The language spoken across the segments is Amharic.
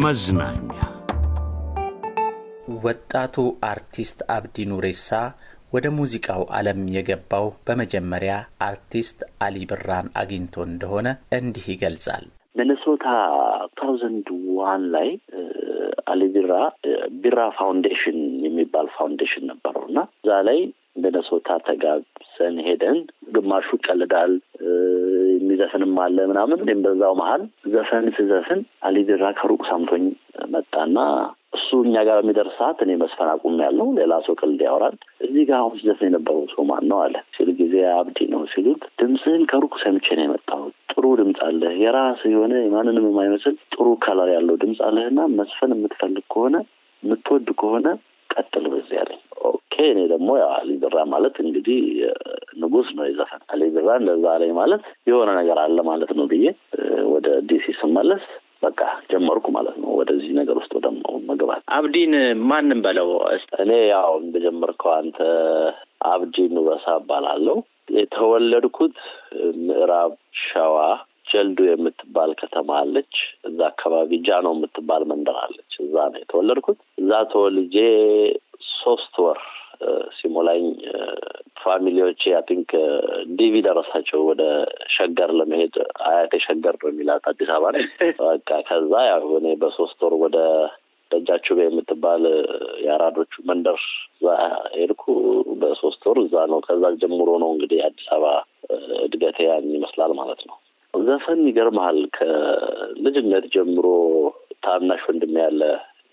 መዝናኛ ወጣቱ አርቲስት አብዲ ኑሬሳ ወደ ሙዚቃው ዓለም የገባው በመጀመሪያ አርቲስት አሊ ብራን አግኝቶ እንደሆነ እንዲህ ይገልጻል። ሚኒሶታ ታውዘንድ ዋን ላይ አሊ ቢራ ቢራ ፋውንዴሽን የሚባል ፋውንዴሽን ነበረው እና እዛ ላይ ሚኒሶታ ተጋብዘን ሄደን ግማሹ ቀልዳል ዘፈንም አለ ምናምን። እኔም በዛው መሀል ዘፈን ስዘፍን አሊቢራ ከሩቅ ሰምቶኝ መጣና እሱ እኛ ጋር በሚደርስ ሰዓት እኔ መስፈን አቁም ያለው ሌላ ሰው ቅልድ ያወራል። እዚህ ጋር አሁን ሲዘፍን የነበረው ሰው ማን ነው አለ ሲል ጊዜ አብዲ ነው ሲሉት፣ ድምፅህን ከሩቅ ሰምቼ ነው የመጣሁት። ጥሩ ድምፅ አለህ፣ የራስህ የሆነ ማንንም የማይመስል ጥሩ ከለር ያለው ድምፅ አለህና መስፈን የምትፈልግ ከሆነ የምትወድ ከሆነ ቀጥል በዚህ አለኝ። ኦኬ እኔ ደግሞ ያው አሊቢራ ማለት እንግዲህ ንጉስ ነው የዘፈን አሊግዛን ለዛ ላይ ማለት የሆነ ነገር አለ ማለት ነው ብዬ ወደ ዲሲ ስመለስ በቃ ጀመርኩ ማለት ነው። ወደዚህ ነገር ውስጥ ወደ መግባት አብዲን ማንም በለው እኔ ያው እንደጀምር አንተ አብዲ ኑበሳ እባላለሁ። የተወለድኩት ምዕራብ ሸዋ ጀልዱ የምትባል ከተማ አለች። እዛ አካባቢ ጃኖ የምትባል መንደር አለች። እዛ ነው የተወለድኩት። እዛ ተወልጄ ሶስት ወር ሲሞላኝ ፋሚሊዎቼ አይ ቲንክ ዲቪ ደረሳቸው ወደ ሸገር ለመሄድ አያቴ ሸገር ነው የሚላት አዲስ አበባ ነው። በቃ ከዛ ያው እኔ በሶስት ወር ወደ ደጃችሁ ቤ የምትባል የአራዶቹ መንደር እዛ ሄድኩ። በሶስት ወር እዛ ነው። ከዛ ጀምሮ ነው እንግዲህ አዲስ አበባ እድገቴ ያን ይመስላል ማለት ነው። ዘፈን ይገርመሃል፣ ከልጅነት ጀምሮ ታናሽ ወንድሜ ያለ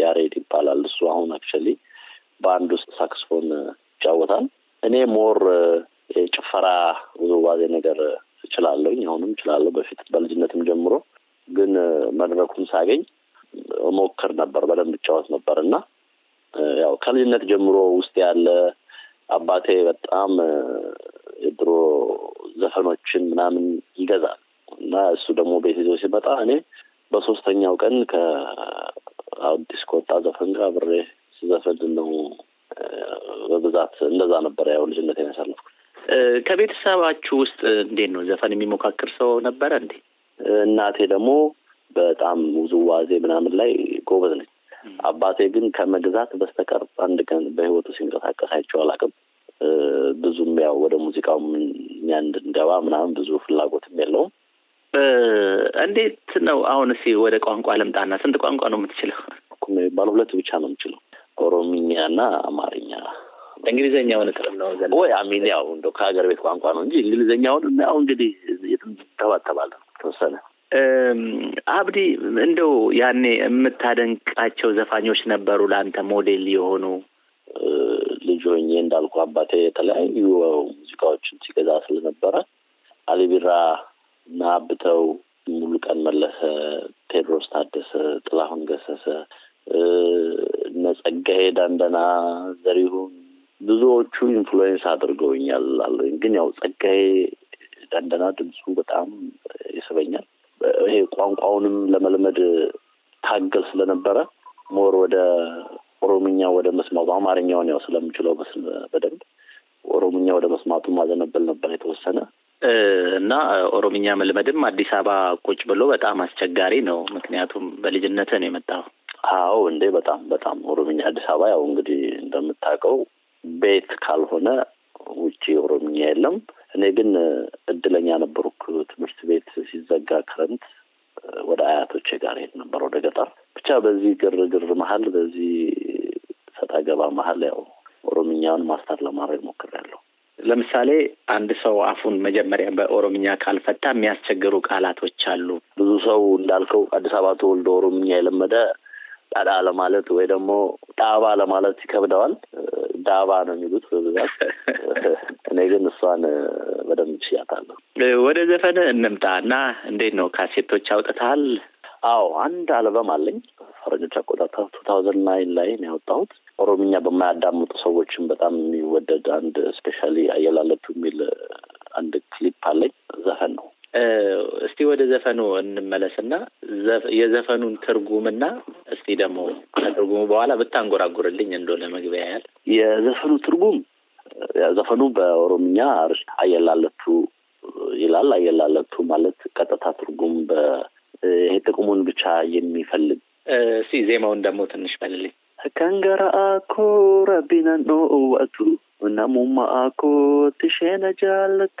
ያሬድ ይባላል። እሱ አሁን አክቸሊ በአንድ ውስጥ ሳክስፎን ይጫወታል። እኔ ሞር የጭፈራ ውዝዋዜ ነገር እችላለሁኝ፣ አሁንም እችላለሁ። በፊት በልጅነትም ጀምሮ ግን መድረኩን ሳገኝ ሞክር ነበር፣ በደንብ እጫወት ነበር እና ያው ከልጅነት ጀምሮ ውስጥ ያለ አባቴ በጣም የድሮ ዘፈኖችን ምናምን ይገዛል እና እሱ ደግሞ ቤት ይዞ ሲመጣ እኔ በሶስተኛው ቀን ከአዲስ ከወጣ ዘፈን ጋር አብሬ ዘፈን ነው በብዛት እንደዛ ነበረ። ያው ልጅነት የሚያሳልፍኩ ከቤተሰባችሁ ውስጥ እንዴት ነው ዘፈን የሚሞካክር ሰው ነበረ እንዴ? እናቴ ደግሞ በጣም ውዝዋዜ ምናምን ላይ ጎበዝ ነች። አባቴ ግን ከመግዛት በስተቀር አንድ ቀን በህይወቱ ሲንቀሳቀስ አይቼው አላውቅም። ብዙም ያው ወደ ሙዚቃው እንድንገባ ምናምን ብዙ ፍላጎትም የለውም። እንዴት ነው አሁን? ወደ ቋንቋ ልምጣና ስንት ቋንቋ ነው የምትችለው? የሚባለው ሁለት ብቻ ነው የምችለው። ኦሮምኛ ኦሮሚኛና አማርኛ እንግሊዝኛውን ቅርብ ነው ዘ ወይ አሚን ያው እንደ ከሀገር ቤት ቋንቋ ነው እንጂ እንግሊዝኛውን ያው እንግዲህ ተባተባለን ተወሰነ። አብዲ እንደው ያኔ የምታደንቃቸው ዘፋኞች ነበሩ ለአንተ ሞዴል የሆኑ? ልጆኝ እንዳልኩ አባቴ የተለያዩ ሙዚቃዎችን ሲገዛ ስለነበረ አሊቢራ ቢራ እና አብተው፣ ሙሉቀን መለሰ፣ ቴድሮስ ታደሰ፣ ጥላሁን ገሰሰ እነ ጸጋዬ ዳንደና፣ ዘሪሁን ብዙዎቹ ኢንፍሉዌንስ አድርገውኛል አለኝ። ግን ያው ጸጋዬ ዳንደና ድምፁ በጣም ይስበኛል። ይሄ ቋንቋውንም ለመልመድ ታገል ስለነበረ ሞር ወደ ኦሮምኛ ወደ መስማቱ አማርኛውን ያው ስለምችለው በደንብ ኦሮምኛ ወደ መስማቱ ማዘነበል ነበር የተወሰነ እና ኦሮምኛ መልመድም አዲስ አበባ ቁጭ ብሎ በጣም አስቸጋሪ ነው። ምክንያቱም በልጅነት ነው የመጣው አዎ እንዴ በጣም በጣም ኦሮምኛ አዲስ አበባ ያው እንግዲህ እንደምታውቀው ቤት ካልሆነ ውጭ ኦሮምኛ የለም። እኔ ግን እድለኛ ነበርኩ። ትምህርት ቤት ሲዘጋ ክረምት ወደ አያቶቼ ጋር ሄድ ነበር ወደ ገጠር። ብቻ በዚህ ግርግር መሀል በዚህ ሰጣ ገባ መሀል ያው ኦሮምኛውን ማስተር ለማድረግ ያለው ለምሳሌ አንድ ሰው አፉን መጀመሪያ በኦሮምኛ ካልፈታ የሚያስቸግሩ ቃላቶች አሉ። ብዙ ሰው እንዳልከው አዲስ አበባ ተወልዶ ኦሮምኛ የለመደ ዳዳ ለማለት ወይ ደግሞ ዳባ ለማለት ይከብደዋል። ዳባ ነው የሚሉት በብዛት። እኔ ግን እሷን በደንብ ሽያታለሁ። ወደ ዘፈን እንምጣ እና እንዴት ነው ካሴቶች አውጥተሃል? አዎ አንድ አልበም አለኝ ፈረንጆች አቆጣጠር ቱ ታውዘንድ ናይን ላይ ነው ያወጣሁት። ኦሮምኛ በማያዳምጡ ሰዎችም በጣም የሚወደድ አንድ ስፔሻሊ አየላለቱ የሚል አንድ ክሊፕ አለኝ። ዘፈን ነው። እስቲ ወደ ዘፈኑ እንመለስና የዘፈኑን ትርጉምና ደግሞ ከትርጉሙ በኋላ ብታንጎራጉርልኝ እንዶ ለመግቢያ ያህል የዘፈኑ ትርጉም ዘፈኑ በኦሮምኛ ርሽ አየላለቱ ይላል። አየላለቱ ማለት ቀጥታ ትርጉም ይሄ ጥቅሙን ብቻ የሚፈልግ እስቲ ዜማውን ደግሞ ትንሽ በልልኝ። ከንገራ አኮ ረቢነን ኦወቱ እናሙማ አኮ ትሼነ ጃለቱ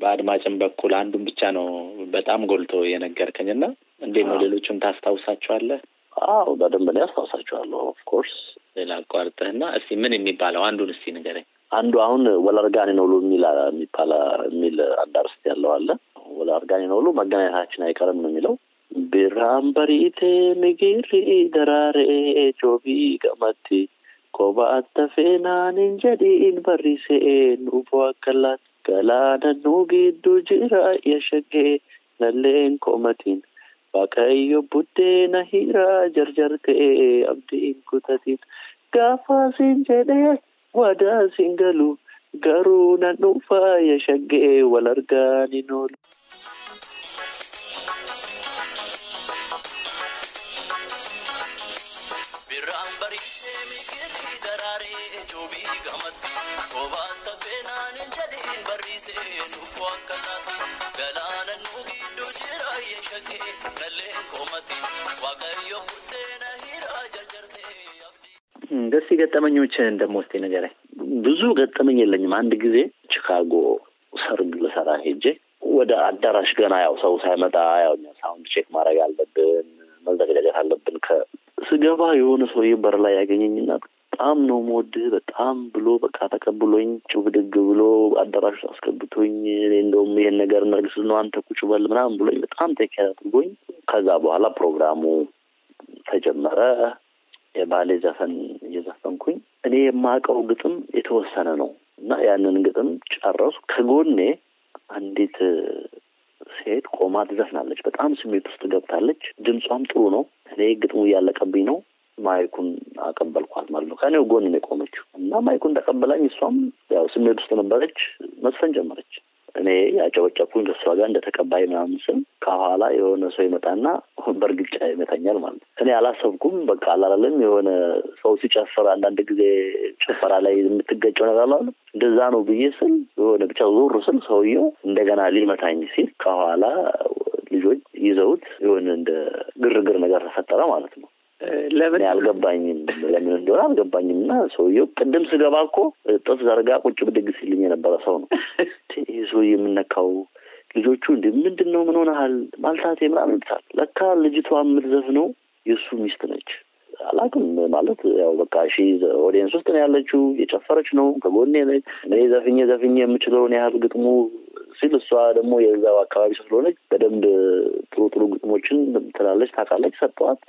በአድማጭም በኩል አንዱን ብቻ ነው በጣም ጎልቶ የነገርከኝ እና እንዴት ነው ሌሎቹን ታስታውሳቸዋለህ? አዎ በደንብ ላይ አስታውሳቸዋለሁ። ኦፍኮርስ ሌላ አቋርጠህና እስቲ ምን የሚባለው አንዱን እስቲ ንገረኝ። አንዱ አሁን ወላርጋኔ ነውሉ የሚል የሚባል የሚል አዳርስት ያለው አለ። ወላርጋኔ ነውሉ መገናኘታችን አይቀርም ነው የሚለው ቢራም ምግሪ ደራሬ ጆቢ ቀመቲ ኮባ አተፌናን እንጀዲን በሪሴን ኡቦ አከላት Galaa nu gidduu jira ishee nalleen komatiin waaqayyo buddeena hiraa jarjar ta'ee abdiin kutatiin gaafasiin jedhee wadaasiin galu garuu nan dhuunfaa yashaggee wal argaa nin oolu. ደስ ገጠመኞችን ደሞ ስቴ ነገር ብዙ ገጠመኝ የለኝም። አንድ ጊዜ ቺካጎ ሰርግ ልሰራ ሄጄ ወደ አዳራሽ ገና ያው ሰው ሳይመጣ ያው ሳውንድ ቼክ ማድረግ አለብን መዘጋጀት አለብን ስገባ የሆነ ሰውዬ በር ላይ ያገኘኝና በጣም ነው መወድህ በጣም ብሎ በቃ ተቀብሎኝ ጭው ብሎ አዳራሹ አስገብቶኝ እንደውም ይሄን ነገር ነርግስ ነው አንተ ቁጭ በል ምናምን ብሎኝ በጣም ተኪያ አድርጎኝ ከዛ በኋላ ፕሮግራሙ ተጀመረ። የባሌ ዘፈን እየዘፈንኩኝ እኔ የማውቀው ግጥም የተወሰነ ነው እና ያንን ግጥም ጨረሱ። ከጎኔ አንዲት ሴት ቆማ ትዘፍናለች። በጣም ስሜት ውስጥ ገብታለች። ድምጿም ጥሩ ነው። እኔ ግጥሙ እያለቀብኝ ነው ማይኩን አቀበልኳት ማለት ነው። ከእኔው ጎን ነው የቆመችው እና ማይኩን ተቀበላኝ። እሷም ያው ስሜት ውስጥ ነበረች፣ መዝፈን ጀመረች። እኔ ያጨበጨብኩኝ ከሷ ጋር እንደ ተቀባይ ምናምን ስም ከኋላ የሆነ ሰው ይመጣና በእርግጫ ይመታኛል ማለት ነው። እኔ አላሰብኩም። በቃ አላለም የሆነ ሰው ሲጨፍር አንዳንድ ጊዜ ጭፈራ ላይ የምትገጨው ነገር አለ እንደዛ ነው ብዬ ስል የሆነ ብቻ ዞር ስል ሰውየው እንደገና ሊመታኝ ሲል ከኋላ ልጆች ይዘውት የሆነ እንደ ግርግር ነገር ተፈጠረ ማለት ነው። ለምን አልገባኝም፣ ለምን እንደሆነ አልገባኝም። እና ሰውየው ቅድም ስገባ እኮ ጥፍ ዘርጋ ቁጭ ብድግ ሲልኝ የነበረ ሰው ነው። ይህ ሰውዬ የምነካው ልጆቹ እንዲ ምንድን ነው ምን ሆነሃል ማልታቴ ምናምን ይልታል። ለካ ልጅቷ የምትዘፍነው የእሱ ሚስት ነች። አላቅም ማለት ያው በቃ እሺ ኦዲየንስ ውስጥ ነው ያለችው፣ የጨፈረች ነው ከጎኔ ነች። እኔ ዘፍኜ ዘፍኜ የምችለውን ያህል ግጥሙ ሲል እሷ ደግሞ የዛው አካባቢ ስለሆነች በደንብ ጥሩ ጥሩ ግጥሞችን ትላለች፣ ታውቃለች። ሰጠዋት።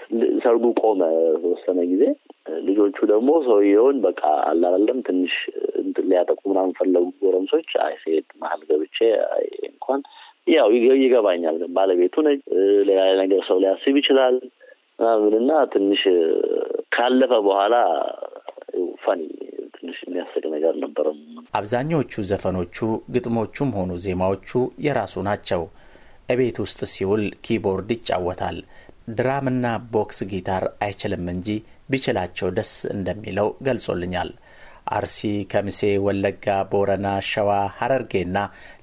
ሰርጉ ቆመ ተወሰነ ጊዜ። ልጆቹ ደግሞ ሰውየውን በቃ አላለም ትንሽ ሊያጠቁ ምናምን ፈለጉ ጎረምሶች። አይ ሴት መሀል ገብቼ እንኳን ያው ይገባኛል፣ ባለቤቱ ነች፣ ሌላ ነገር ሰው ሊያስብ ይችላል ምናምንና ትንሽ ካለፈ በኋላ ፈኒ ትንሽ የሚያስቅ ነገር አልነበረም። አብዛኛዎቹ ዘፈኖቹ ግጥሞቹም ሆኑ ዜማዎቹ የራሱ ናቸው። እቤት ውስጥ ሲውል ኪቦርድ ይጫወታል። ድራምና ቦክስ ጊታር አይችልም እንጂ ቢችላቸው ደስ እንደሚለው ገልጾልኛል። አርሲ፣ ከምሴ፣ ወለጋ፣ ቦረና፣ ሸዋ፣ ሐረርጌና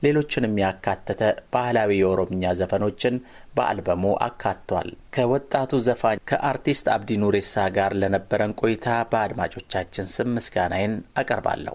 ሌሎችንም ያካተተ ባህላዊ የኦሮምኛ ዘፈኖችን በአልበሙ አካቷል። ከወጣቱ ዘፋኝ ከአርቲስት አብዲ ኑሬሳ ጋር ለነበረን ቆይታ በአድማጮቻችን ስም ምስጋናዬን አቀርባለሁ።